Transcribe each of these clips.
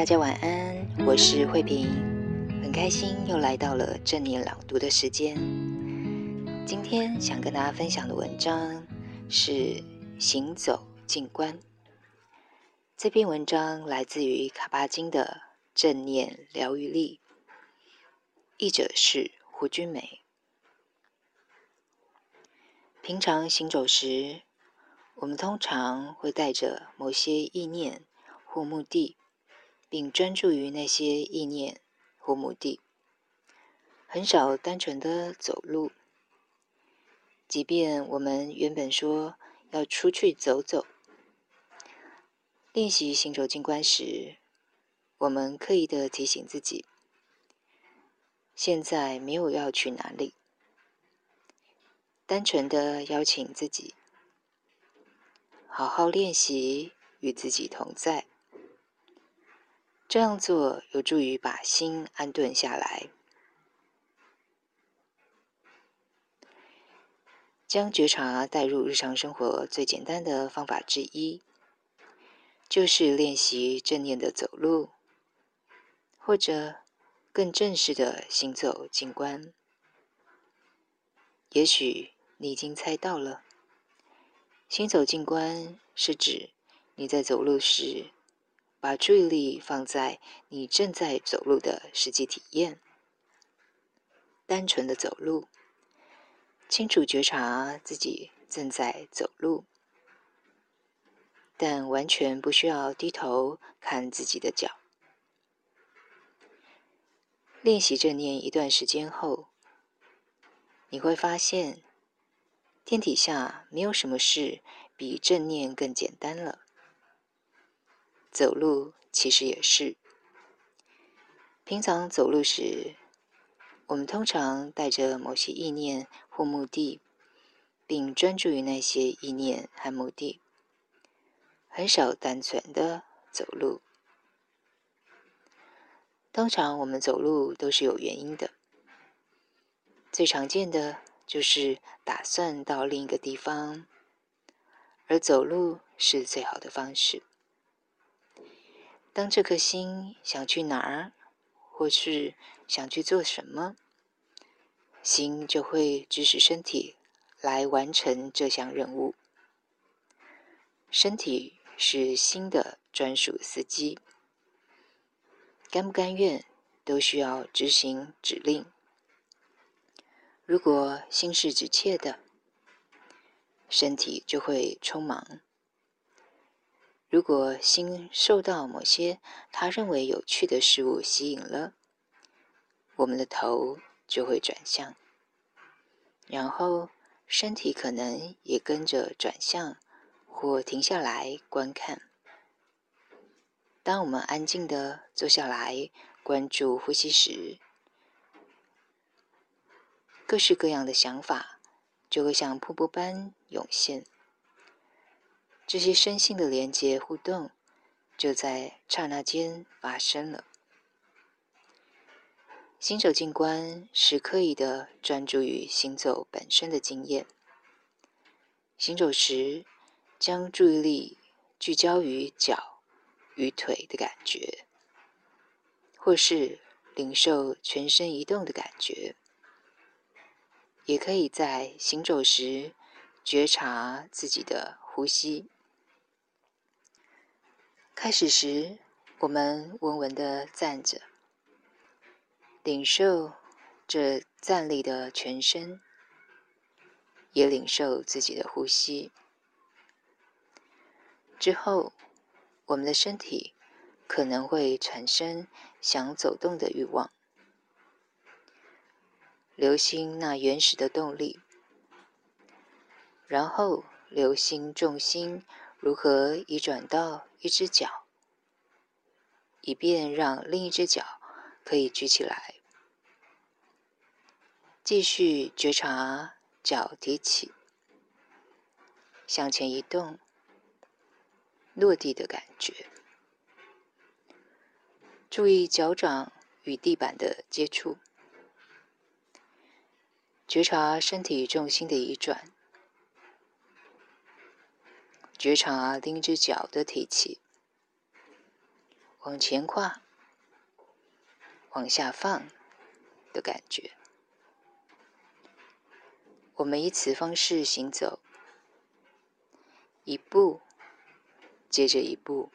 大家晚安，我是慧萍，很開心又來到了正念朗讀的時間。今天想跟大家分享的文章是《行走靜觀》。這篇文章來自於卡巴金的《正念療癒力》，譯者是胡君梅。平常行走時，我們通常會帶着某些意念或目的。並專注於那些意念或目的，很少單純的走路。即便我們原本說要出去走走，練習行走靜觀時，我們刻意的提醒自己：現在沒有要去哪裡，單純的邀請自己，好好練習與自己同在。這樣做有助於把心安頓下來。將覺察帶入日常生活最簡單的方法之一，就是練習正念的走路，或者更正式的行走靜觀。也許你已經猜到了，行走靜觀是指你在走路時。把注意力放在你正在走路的實際體驗，單純的走路。清楚覺察自己正在走路，但完全不需要低頭看自己的腳。練習正念一段時間後，你會發現，天底下沒有什麼事比正念更簡單了。走路其實也是。平常走路時，我們通常帶着某些意念或目的，並專注於那些意念和目的，很少單純的走路。通常我們走路都是有原因的，最常見的就是打算到另一個地方，而走路是最好的方式。當這顆心想去哪兒，或是想去做什麼，心就會指使身體來完成這項任務。身體是心的專屬司機，甘不甘願都需要執行指令。如果心是急切的，身體就會匆忙。如果心受到某些他認為有趣的事物吸引了，我們的頭就會轉向，然後身體可能也跟着轉向或停下來觀看。當我們安靜地坐下來關注呼吸時，各式各樣的想法就會像瀑布般湧現。這些身心的連接互動，就在剎那間發生了。行走靜觀是刻意地專注於行走本身的經驗。行走時，將注意力聚焦於腳與腿的感覺，或是領受全身移動的感覺。也可以在行走時覺察自己的呼吸。開始時，我們穩穩地站着，領受這站立的全身，也領受自己的呼吸。之後，我們的身體可能會產生想走動的慾望，留心那原始的動力，然後留心重心。如何移轉到一隻腳，以便讓另一隻腳可以舉起來？繼續覺察腳提起、向前移動、落地的感覺。注意腳掌與地板的接觸，覺察身體重心的移轉。覺察啊，兩隻腳的提起、往前跨、往下放的感覺。我們以此方式行走，一步接着一步，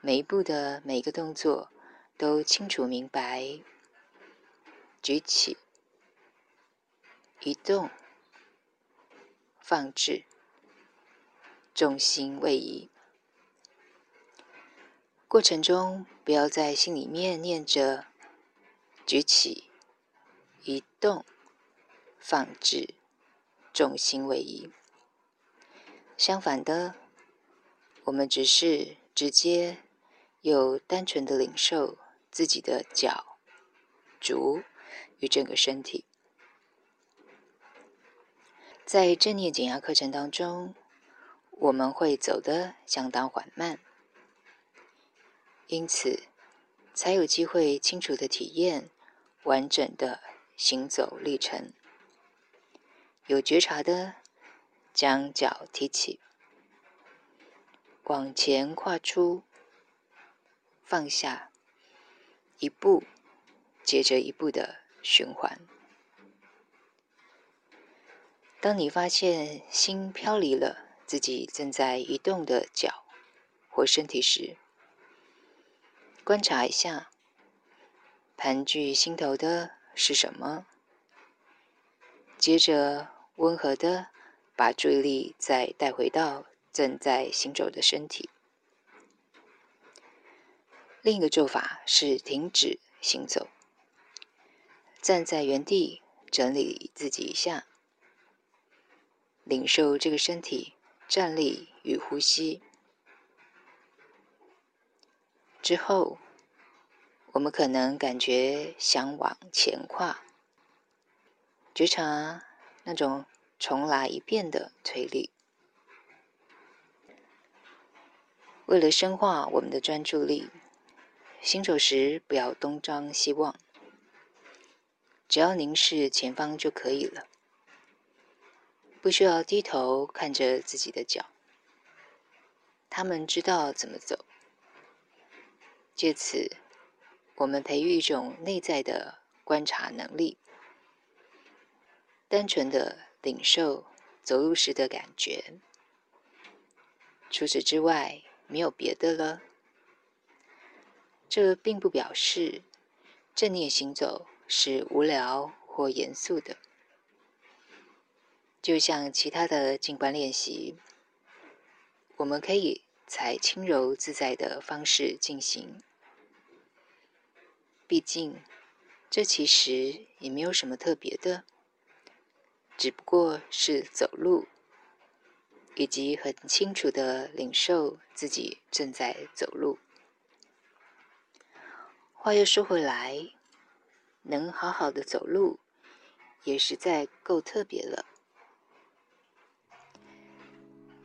每一步的每一個動作都清楚明白：舉起、移動、放置。重心位移過程中，不要在心裡面念着“舉起、移動、放置、重心位移”。相反的，我們只是直接又單純的領受自己的腳、足與整個身體。在正念減壓課程當中。我們會走得相當緩慢，因此才有機會清楚的體驗完整的行走歷程。有覺察的將腳提起，往前跨出，放下，一步接着一步的循環。當你發現心飄離了。自己正在移動的腳或身體時，觀察一下盤踞心頭的是什麼。接着溫和的把注意力再帶回到正在行走的身體。另一個做法是停止行走，站在原地整理自己一下，領受這個身體。站立與呼吸之後，我們可能感覺想往前跨，覺察那種重來一遍的推力。為了深化我們的專注力，行走時不要東張西望，只要凝視前方就可以了。不需要低頭看着自己的腳，他們知道怎麼走。借此，我們培育一種內在的觀察能力，單純的領受走路時的感覺。除此之外，沒有別的了。這並不表示正念行走是無聊或嚴肅的。就像其他的靜觀練習，我們可以採輕柔自在的方式進行。畢竟，這其實也沒有什麼特別的，只不過是走路，以及很清楚的領受自己正在走路。話又說回來，能好好的走路也實在夠特別了。